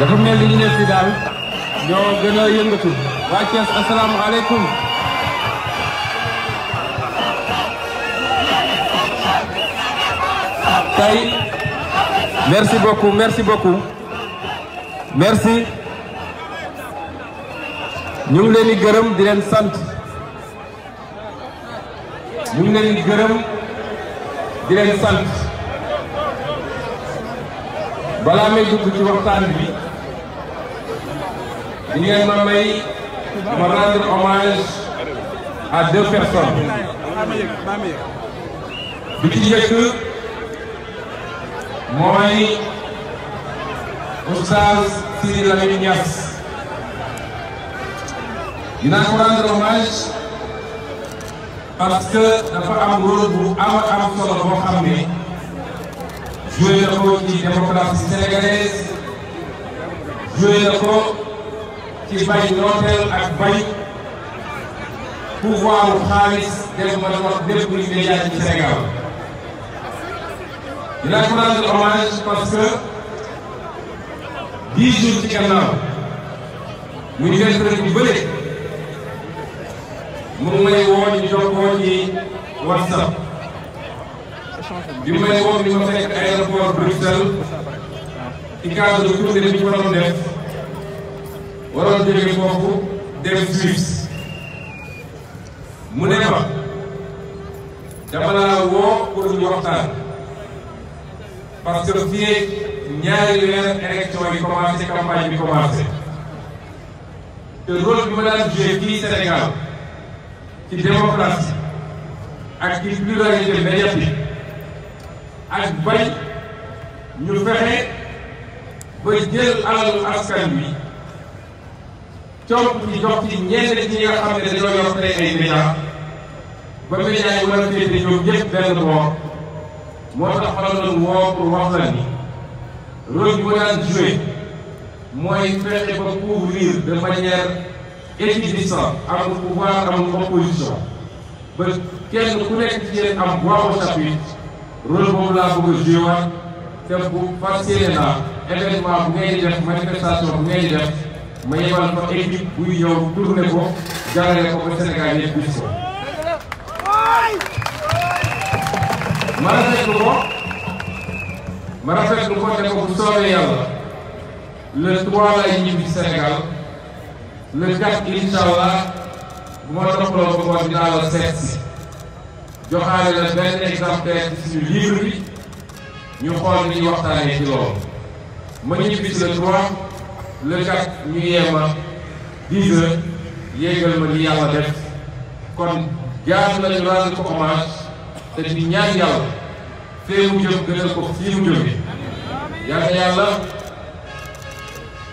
dafa mel ne fii ñoo gën a yëngatu waa Thiès asalaamaaleykum tey merci beaucoup merci beaucoup merci ñu ngi leen di gërëm di leen sant ñu ngi leen di gërëm di sant balaa may dugg ci waxtaan li ngeen ma may ma rendre hommage à deux personnes bi ci njëkk mooy Oustaz Sidi Lamine Niass dinaa ko rendre hommage parce que dafa am rôle bu ama am solo boo xam ne joué na ko ci démocratie sénégalaise joué na ko ci bay nooteel ak bay pouvoir wu xaalis def ma la wax lépp luy média ci Sénégal dinaa ko rendre hommage parce que dix jours ci gannaaw muy vendredi bi bële mu may woo ñu jokkoo ci WhatsApp may woo ni ma fekk aéroport Bruxelles ci cadre tournée bi ñu waroon def waroon jóge foofu dem Suisse mu ne ma dama laa woo pour ñu waxtaan parce que fii ñaari weer élection yi commencé te rôle bi ma daan joué fii Sénégal ci démocratie ak ci pluralité médiatique ak bay ñu fexe ba jël alalu askan wi. topp ci jox ci ñenn ñi nga xam ne dañoo ba médias yi war a féete ñoom ñëpp benn moo tax ma la doon woo pour wax la ni rôle bi ma daan joué mooy fexe ba couvrir de manière équidistante amul pouvoir amul opposition ba ku nekk ci yéen am voix au laa bëgg a joué waat te bu fàttali naa événement bu ngay di def manifestation bu ngay di ma yebal fa équipe buy ñëw tourné ko jàllale ko ba Sénégal yëpp gis ko. ma rafetlu ko ko ne ko bu soobee yàlla le 3 ñibbi Sénégal le 4 incha allah bu ma toppaloo ba ngoon dinaa la seet si joxaale la benn exemplaire ci suñu livre ñu xool ni ñu waxtaanee ma ñibbi si le 3. le kat ñu yee ma dix heures ma li yàlla def kon jaar nañu rendre ko hommage te di ñaan yàlla fee mu jëm gënal ko fii mu jëm yal na yàlla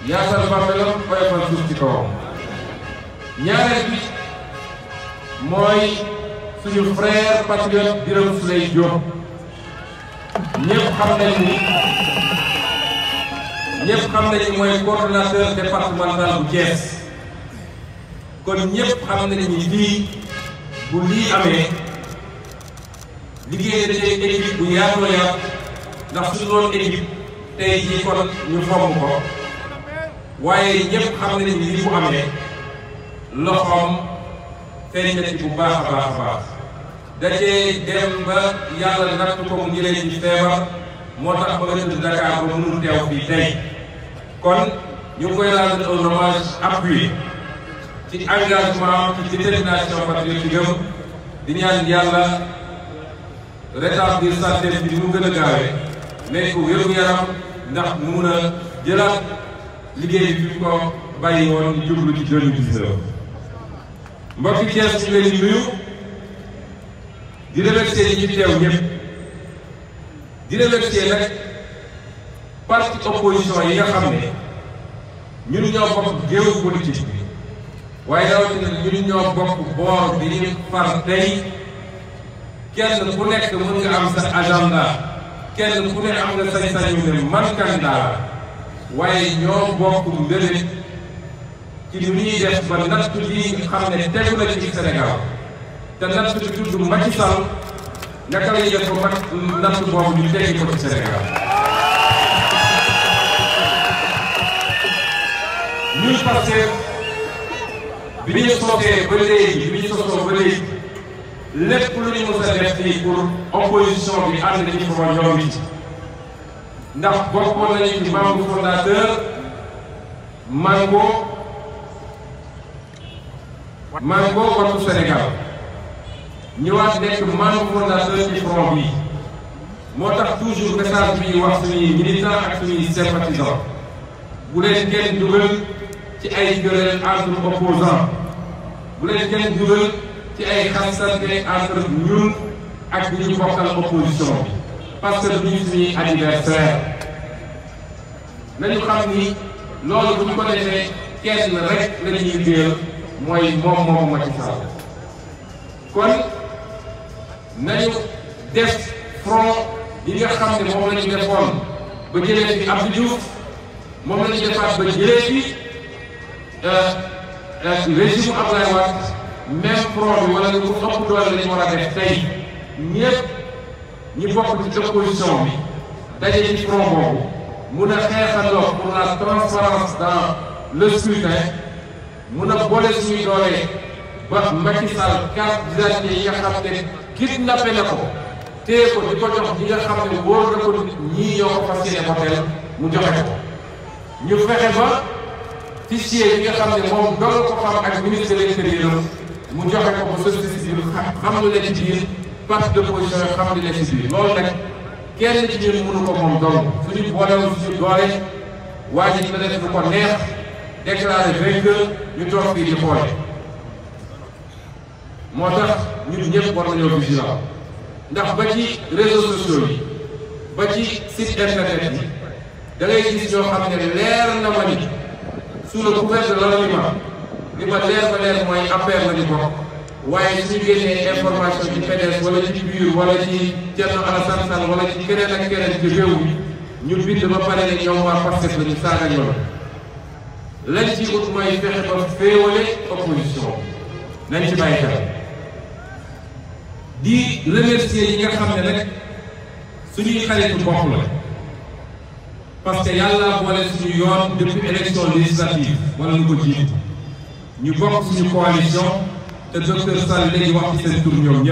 yaatal bàmmeelam fayfal suuf ci kawam ñaareel bi mooy suñu frère patriote Birame Souleye Diop ñëpp xam nañ ni ñëpp xam nañu mooy coordonnateur départemental bu Thiès kon ñëpp xam nañu ni lii bu lii amee liggéey da cee équipe bu yaatoo yaat ndax su tey jii kon ñu fomm ko waaye ñëpp xam nañu ni lii amee loxoom feeñ ci bu baax a baax a baax da cee dem ba yàlla natt ko mu jëlee ci moo tax ba nga tudd Dakar teew fii tey kon ñu ngi koy rendre un hommage appuyé ci engagement ci détermination patriotique di ñaan yàlla rétablir santé bi mu gën a gaawee mais ku wéru yaram ndax mu mun a jëlaat liggéey bi fi ko bàyyi woon jublu ci 2019 mbokki Thiès ñu leen nuyu di remercier ñi fi teew ñëpp di remercier nag parti opposition yi nga xam ne ñun ñoo bokk géewu politique bi waaye rawatina ñun ñoo bokk boor bi ñu far tey kenn ku nekk mën nga am sa agenda kenn ku ne am nga sañ-sañu ne man candidat waaye ñoo bokk mbébét ci nu ñuy def ba natt lii xam ne tegu na ci Sénégal te natt bi tudd Macky Sall naka la ñuy def natt boobu ñu teggi ko ci ñun Pastef bi ñu sosee ba léegi bi ñu sosoo ba léegi lépp lu ñu mës a def fii pour opposition bi ndax bokkoon nañu ci membre fondateur mango mango wàllu Sénégal ñëwaat nekk membre fondateur ci front moo tax toujours message bi wax suñuy militants ak suñuy sympathisants bu leen kenn dugal. ci ay querelle entre opposants bu leen kenn dugal ci ay xasante entre ñun ak ñi ñu bokkal opposition bi parce que duñu suñuy adversaire nañu xam ni loolu bu ñu ko defee kenn rek la ñuy liggéeyal mooy moom moom Macky Sall kon nañu def front bi nga xam ne moom la ñu defoon ba jëlee fi Abdou Diouf moom la ñu defaat ba jëlee fi Euh, euh, régime Abdoulaye Wade même pro bi wala lu ëpp doole lañu war a def tey ñëpp ñi bokk ci opposition bi daje ci pro boobu mun a xeexandoo pour la transparence dans le scrutin mun a boole suñuy doole ba Macky Sall carte d'identité yi nga xam ko téye ko di ko jox ñi nga xam ne ko ñii ñoo ko fas mu joxe ko ñu fexe ba. fichier yi nga xam ne moom doon ko xam ak ministre de l'intérieur mu joxe ko ba société civile xam lu leen ci biir parti de position yi xam lu leen ci biir kenn ci ñun ko moom dong suñu boolewul suñu doole waa ji dina def lu ko neex déclaré vainqueur ñu toog fii di xoole moo tax ñun ñëpp war nañoo vigilant ndax ba ci réseaux sociaux yi ba ci site internet yi da ngay gis xam ne leer na ma ni sous le couvert de l'anonymat li ma leer ba leer mooy affaire la ñu bokk waaye su ñu génnee information ci PDS wala ci biir wala ci Thierno Alassane Sall wala ci keneen ak keneen ci réew mi ñu bind ba pare ne ñoom waa Pastef la ñu saaga ñoom lañ ci ut mooy fexe ba féewale opposition nañ ci bàyyi xel di remercier yi nga xam ne nag suñuy xaritu bopp la. parce que yàlla boole suñu yoon depuis élection législative wala lu ko jiitu ñu bokk suñu coalition te docteur Sall léegi wax ci seen tur ñoom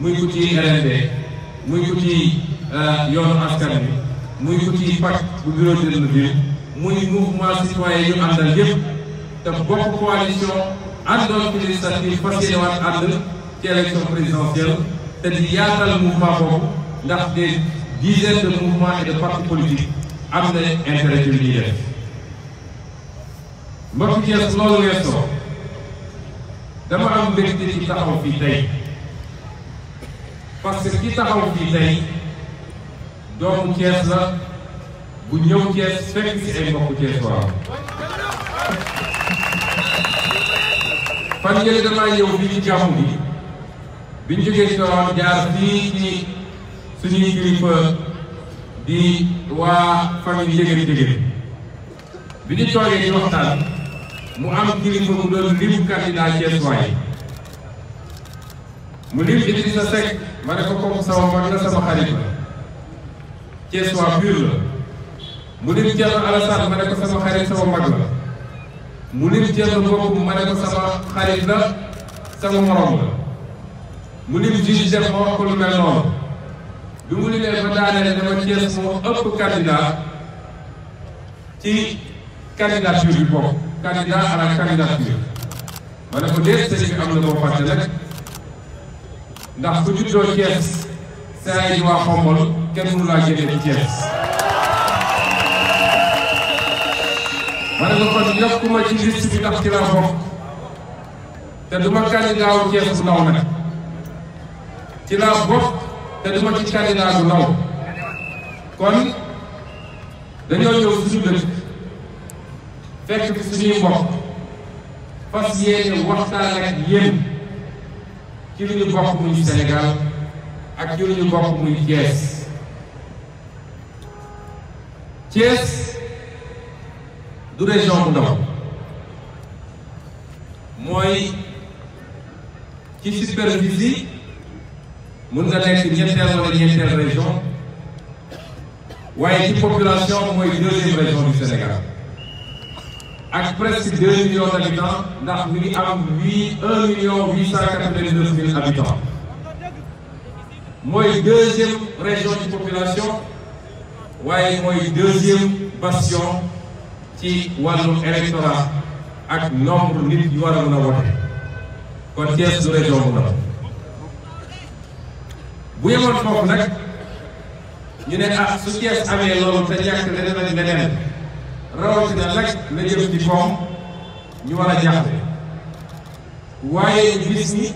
muy ku ci RND muy ku ci euh, yoonu askan bi muy ku ci pacte bu bureau de ville muy mouvement citoyen ñu àndal yëpp te bokk coalition àndoon ci législative parce que yéenewaat ànd ci élection présidentielle te di yaatal mouvement boobu ndax des dizaine de mouvements et de partis politiques am nañ intérêt ci li mbokku Thiès loolu weesoo dama am mbégte ci taxaw fii tey parce que taxaw fii tey doomu Thiès la bu ñëw Thiès fekk ci mbokku Thiès waaw. fan yële damaa ñëw bi ci jàmm bi biñ jógee ci Tiwaawan jaar fii ci. suñuy kilifa di waa famille Yékini Yékini bi ñu toogee di waxtaan mu am kilifa bu doon lim candidat Thiès waay mu lim Idrissa Seck ma ne ko comme sama mag la sama xarit la Thiès la mu lim Thierno Alassane ma ne ko sama xarit sama mag la mu lim Thierno Bocoum ma ne ko sama xarit la sama morom mu lim Jules ma wax ko lu mel noonu bi mu liggéey ba daaneel dama Thiès moo ëpp candidat ci candidature bi bokk candidat à la candidature ko déet sëñ bi am na boo fàtte rek ndax ku juddoo Thiès saa yi waa Xombol kenn mënu laa génne ci Thiès ma ne ko kon yokkuma ci liste bi ndax ci laa bokk te du ma candidat wu Thiès bu ndaw nag ci laa bokk te du ma ci candidat bu ndaw kon dañoo ñëw suñu dëkk fekk fi suñuy mbokk fas yéene waxtaan ak yéen ci li ñu bokk muy Sénégal ak ci li ñu bokk muy Thiès Thiès du région bu ndaw mooy ci superficie mun nga nekk ñetteel wala ñeenteel région waaye ci population mooy deuxième région du Sénégal ak presque deux millions d' ndax ñu ngi am huit un million huit cent quatre-vingt-neuf mille habitants mooy deuxième région ci population waaye mooy deuxième bastion ci wàllu électorat ak nombre nit ñu war a mën a wote kon Thiès du région bu ndaw bu yemoon foofu nag ñu ne ah su Cees amee loolu te ñàkk leneen ak leneen rawatina nag la jëm ci koom ñu war a jaaxle waaye gis ni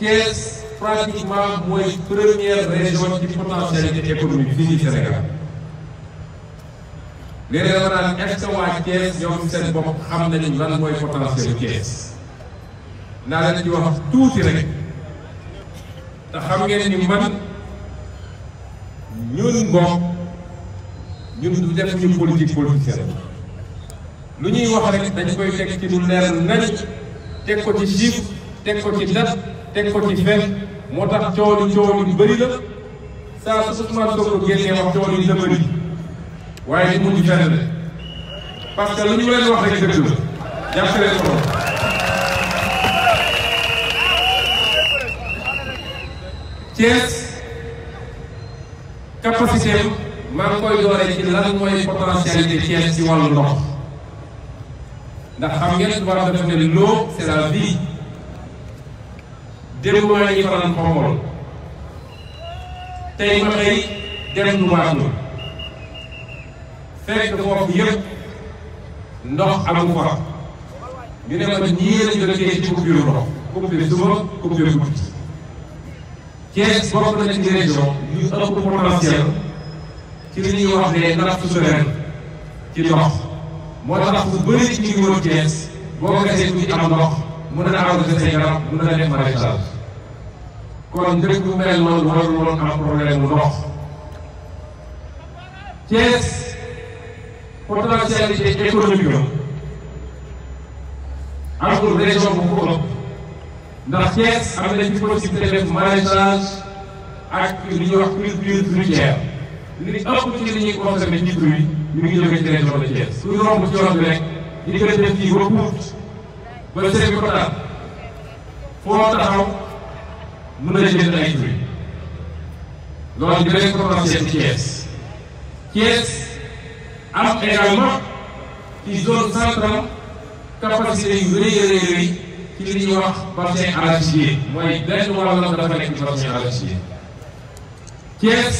Cees pratiquement mooy première région ci potentialité économique fii ci Sénégal léeg-léeg war naan est-ce que waa Thiès ñoom seen bopp xam nañu lan mooy potentiel Thiès naa leen di wax tuuti rek te xam ngeen ñi man ñun bokk ñun du def ñu politique politicienne lu ñuy wax rek dañ koy teg ci lu leer nañ teg ko ci chiffre teg ko ci date teg ko ci fet moo tax coow li coow bëri la saa su Ousmane Sonko génnee wax coow li la bëri waaye du mujj fenn parce que lu ñu leen wax rek dëgg la jàppale ko Thiès capacité maa ngi koy dooree ci lan mooy potentialité Thiès ci wàllu ndox ndax xam ngeen tubaab dafa ne l'eau c'est la vie démb maa ngi fanaan xomool tey ma xëy dem lu waat fekk foofu yëpp ndox amu fa ñu ne ma nii lañ jotee ci coupure ndox coupure suba coupure guddi Thiès bokk na ci région yu ëpp potentiel ci li ñuy wax ne natt souveraine ci ndox moo tax bu bëri ci ñu wër Thiès boo gasee tuuti am ndox mën na arrosé say garab mën na def maraîchage kon dëkk bu mel noonu warul woon am problème mu ndox Thiès potentialité économique am amul région bu ko ëpp ndax Thiès am na ci possibilité def maraîchage ak li ñuy wax culture fruitière li ëpp ci li ñuy consommé ci fruit mi ngi jóge ci région de Thiès. kuy romb ci yoon bi rek di gën a def fii ba Pout ba Sèye bi Kotaar foo taxaw mën na jënd ay fruits loolu di beneen potentiel ci Thiès Thiès am également ci zone centrale capacité yu rëy a ci li ñuy wax bassin arachidier mooy benn wàllam dafa nekk ci bassin arachidier Thiès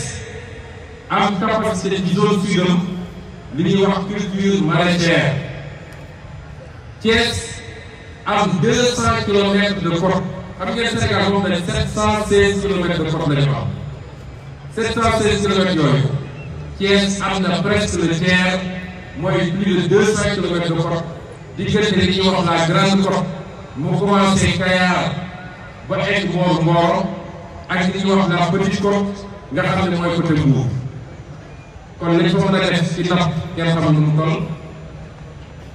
am capacité ci zone sudam li ñuy wax culture maraîchère Thiès am deux cent kilomètres de côte xam ngeen Sénégal moom la sept cent seize kilomètres de côte la ñu am sept cent seize kilomètres yooyu Thiès am na presque le tiers mooy plus de deux cent kilomètres de côte diggante li ñuy wax la grande côte mu commencé Kayar ba egg Mor Mboro ak li ñuy wax la petite côte nga xam ne mooy côté Mbour kon lañ fa mën a def ci napp kenn xamul nu mu toll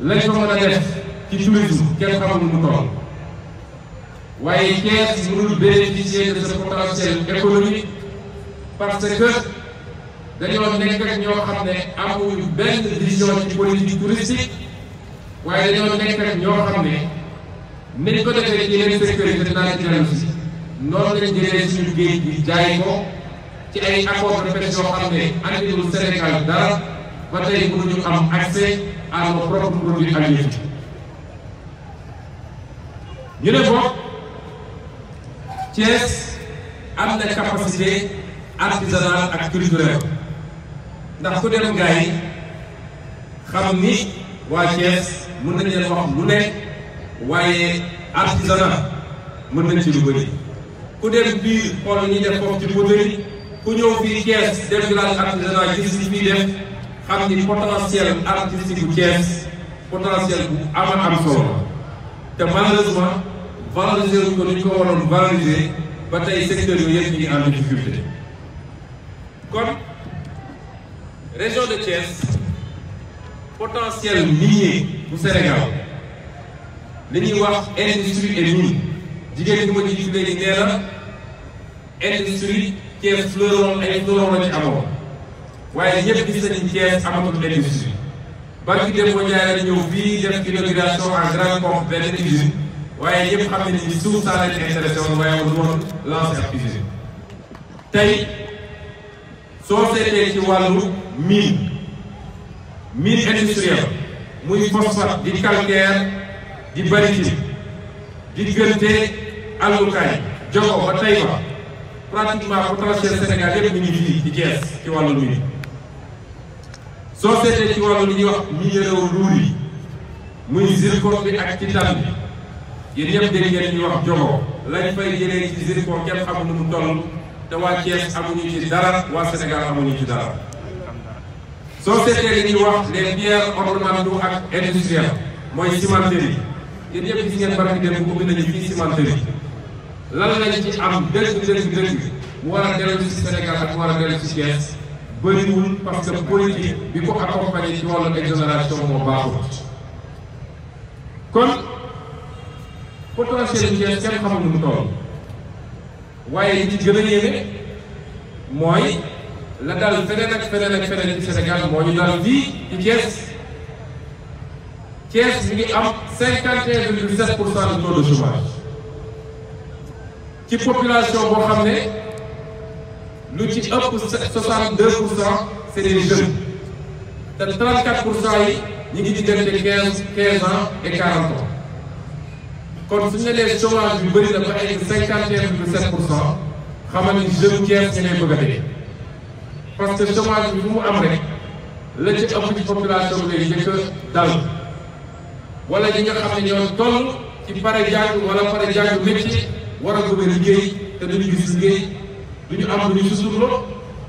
lañ fa mën a def ci tourisme kenn xamul nu mu toll waaye Thiès mënul bénéficier de ce potentiel économique parce que dañoo nekk ak ñoo xam ne amuñu benn vision ci politique touristique waaye dañoo nekk ak ñoo xam ne. ni ñu ko defee ci yeneen secteur dinaa ci jëlee aussi noonu lañ jaay ko ci ay accord de pêche yoo xam ne andiwul Sénégal dara ba tey mënuñu am accès à nos propres produits agricoles ñu ne ko Thiès am na capacité artisanale ak culturelle ndax ku dem xam ni waa Thiès mën nañ leen wax lu ne. waaye artisanat mën nañ ci lu bëri ku dem biir xool ñi def foofu ci poterie ku ñëw fii Thiès def village artisanat gis li fii def xam ni potentiel artistique bu Thiès potentiel bu ama am solo te malheureusement valoriser ko ni ñu ko waroon valoriser ba tey secteur yooyu yëpp ñu ngi en difficulté kon région de Thiès potentiel minier bu Sénégal li ñuy wax industrie et mine jigéen ñi ma jiitu léegi nee na industrie Thiès fleuron ay fleuron la ci amoon waaye ñëpp gis nañu Thiès amatul industrie. barki dem ko jaay la ñëw fii def inauguration en grande pompe benn usine waaye ñëpp xam nañu ni suuf saa lañu intéressé woon waaye mu doon lancer ab usine tey soo seetee ci wàllu mine mine industrielle muy phosphate di calcaire. di bari ci diggante allukaay jogo ba tey ba pratiquement bu traversé Sénégal yëpp ñu ngi fii ci Thiès ci wàllu mbir soo seetee ci wàllu li ñuy wax minéraux lourds yi muy zircon bi ak titane bi yéen ñëpp dégg ngeen ñuy wax jogo lañ fay jëlee ci zircon kenn xamul nu mu toll te waa amuñu ci dara waa Sénégal amuñu ci dara soo seetee li ñuy wax les pierres ornementaux ak industrielles mooy cimenterie yéen ñëpp gis ngeen barki dem bu nañu fii cimenterie lan lañ ci am dëkk dëkk dëkk mu war a dellu ci Sénégal ak mu war a dellu ci Thiès parce que politique bi ko accompagné moo baaxul kon potentiel bi Thiès kenn xamul nu mu toll waaye li ci gën a mooy la dal feneen ak feneen ak moo ñu dal fii ci Thiès Thiès mi ngi am cinquante et un virgule sept pour cent de taux ci population boo xam ne lu ci ëpp soixante deux pour cent c' est te trente quatre pour cent yi ñu ngi diggante quinze quinze ans et quarante ans kon suñu ne dee chômage bi bëri na ba cinquante et un virgule sept pour cent xamal ni jeune Thiès ñu lay bëgg a dee bi fu mu am rek la ci ëpp ci population dal wala ñi nga xam ne ñoo toll ci pare jàng wala pare jàng métier war a bëgg a te duñu gis liggéey duñu am lu ñu suturloo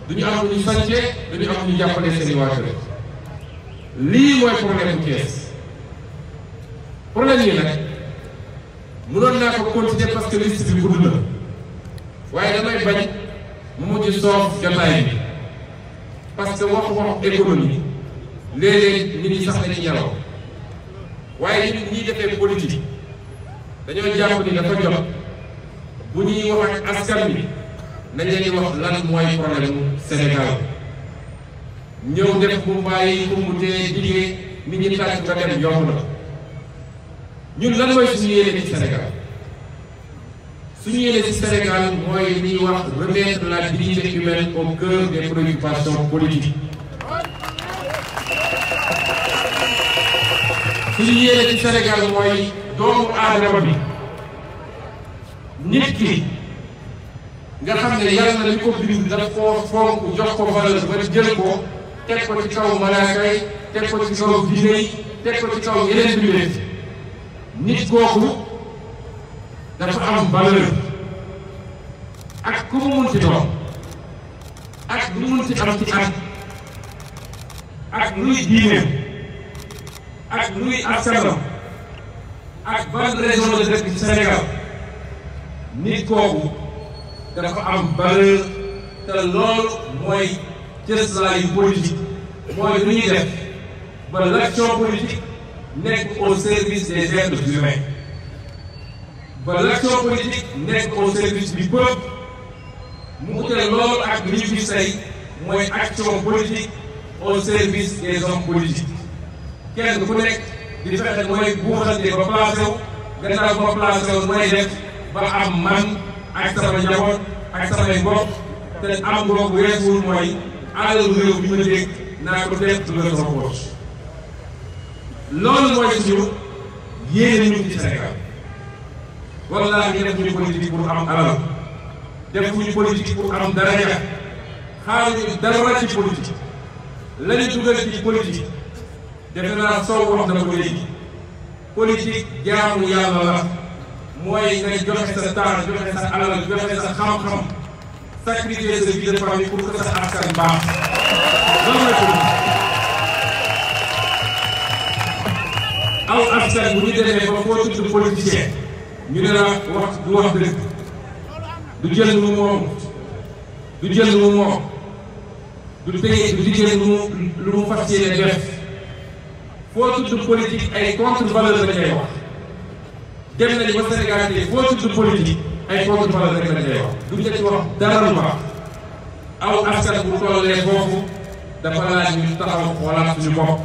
duñu am lu ñu sancee duñu am lu ñu jàppale seen waa kër lii mooy problème bu Thiès problème yi nag mënoon naa ko continuer parce que liste bi gudd na waaye damay bañ mu mujj soof jotaay bi parce que waxu waxu économie léeg-léeg nit ñi sax dañuy ñelaw waaye ñun ñii defee politique dañoo jàpp ni dafa jot bu ñuy wax ak askan bi nañ leen di wax lan mooy problème Sénégal ñëw def mu bàyyi ko mu tee jigee nit ñi tàcc nga dem yomb na ñun lan mooy suñu yéene ci Sénégal suñu yéene ci Sénégal mooy li ñuy wax remettre la dignité humaine au cœur des préoccupations politiques suñu yéene ci Sénégal mooy doomu aadama bi nit ki nga xam ne yàlla li ko bind daf koo fonk jox ko valeur ba jël ko teg ko ci kaw malaaka teg ko ci kaw diine teg ko ci kaw yeneen biir nit kooku dafa am valeur ak ku mu munti doon ak lu munti am ci am ak luy diine. ak luy askanam ak ban région la dëkk ci Sénégal nit kooku dafa am valeur te loolu mooy cëslaayu politique mooy lu ñuy def ba l'action politique nekk au service des êtres humains ba l'action politique nekk au service du peuple mu ute loolu ak li ñu gis tey mooy action politique au service des hommes politiques kenn ku nekk di fexe mu lay buuxante ba placé wu gannaaw ba placé wu mu lay def ba am man ak sama njaboot ak samay mbokk te am googu weesuwul mooy alal réew bi ma dégg naa ko def dugal sama poche loolu mooy suñu yéene ñu ci Sénégal wallaahi def ñu politique pour am alal def ñu politique pour am daraja xaaruñu dara ci politique lañu dugal ci politique. defe naa Sow wax na ko léegi politique jaamu yàlla la mooy nga joxe sa temps joxe sa alal joxe sa xam-xam sacrifier sa vie de famille pour que sa askan baax loolu la ko aw askan bu ñu demee ba koo tudd politicien ñu ne la wax du wax du jël lu mu moom du jël lu mu moom du téye du jël lu mu lu mu fas yéene def foo tudd politique ay contre valeur la cay wax dem nañ ba Sénégal tey foo tudd politique ay contre valeur rek la cay wax duñ la ci wax dara lu baax aw askan bu tollee foofu dafa laaj ñu taxaw xoolaat suñu bopp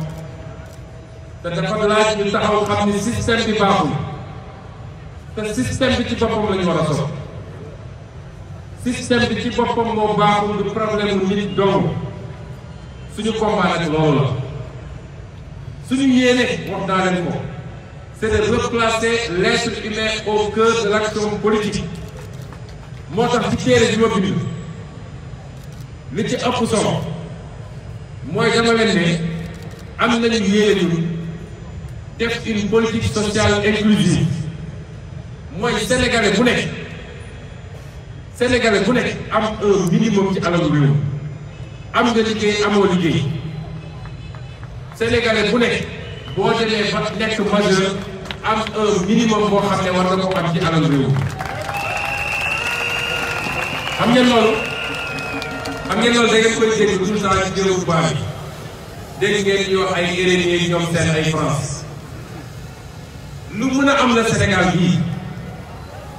te dafa laaj ñu taxaw xam ni système bi baaxul te système bi ci boppam la ñu war a sopp système bi ci boppam moo baaxul du problème nit dong suñu combat nag loolu la suñu yéene wax naa leen ko c' est de replacer l' être humain au cœur de politique moo tax ci téere bi ma li ci ëpp solo mooy dama leen ne am nañu yéene ñun def une politique sociale inclusive mooy sénégalais bu nekk sénégalais bu nekk am un minimum ci alalu réew am nga liggéey amoo liggéey sénégalais bu nekk boo demee ba nekk majeur am un minimum boo xam ne war nga ko am ci alal réew xam ngeen loolu xam ngeen loolu da ngeen koy dégg tout le temps ci baa bi dégg ngeen ñuy wax ay RNA ñoom seen ay France lu mën a am la Sénégal bii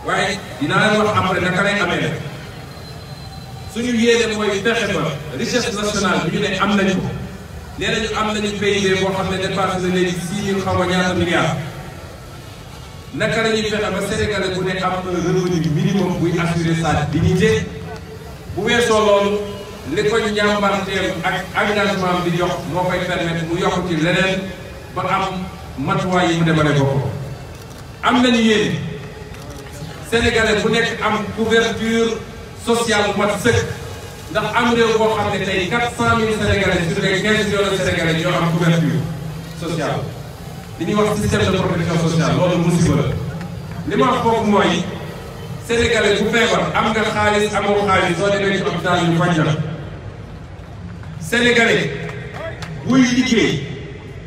waaye dinaa leen wax après naka lay amee suñu yéene mooy fexe ba richesse nationale bi ne am nañu ko nee am na ñu PIB boo xam ne dépassé na léegi six mille xaw ma ñaata milliards naka la ñuy fexe bu nekk am un ñu minimum buy assurer sa dignité bu weesoo loolu li ko njàmbarteem ak engagement bi jox moo koy permettre mu yokk ci leneen ba am matuwaay yi mu demale boppam am nañu yéen sénégalais bu nekk am couverture sociale mat sëkk ndax am réew boo xam ne tey quatre cent mille sénégalais sur les quinze millions de sénégalais ñoo am couverture sociale li ñuy wax système de protection sociale loolu musiba la li ma wax foofu mooy sénégalais bu feebar am nga xaalis amoo xaalis soo demee ci hôpital ñu faj la sénégalais buy liggéey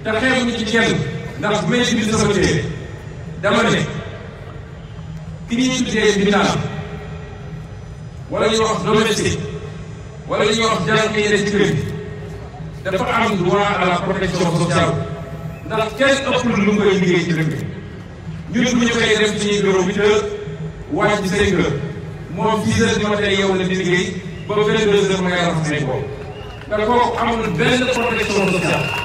te xeebuñu ci kenn ndax métti bi sama téye dama ne ki ñuy tuddee mbindaan wala ñuy wax domestique wala li ñuy wax jàng yi ne ci kër dafa am droit à la protection sociale ndax kenn ëppul lu mu koy liggéey ci dëkk ñun bu ñu koy dem suñuy bureau huit heures wàcc ci cinq heures moom six heures du matin yow la di liggéey ba vingt deux heures ma ngay rafetlu ko. te kooku amul benn protection sociale.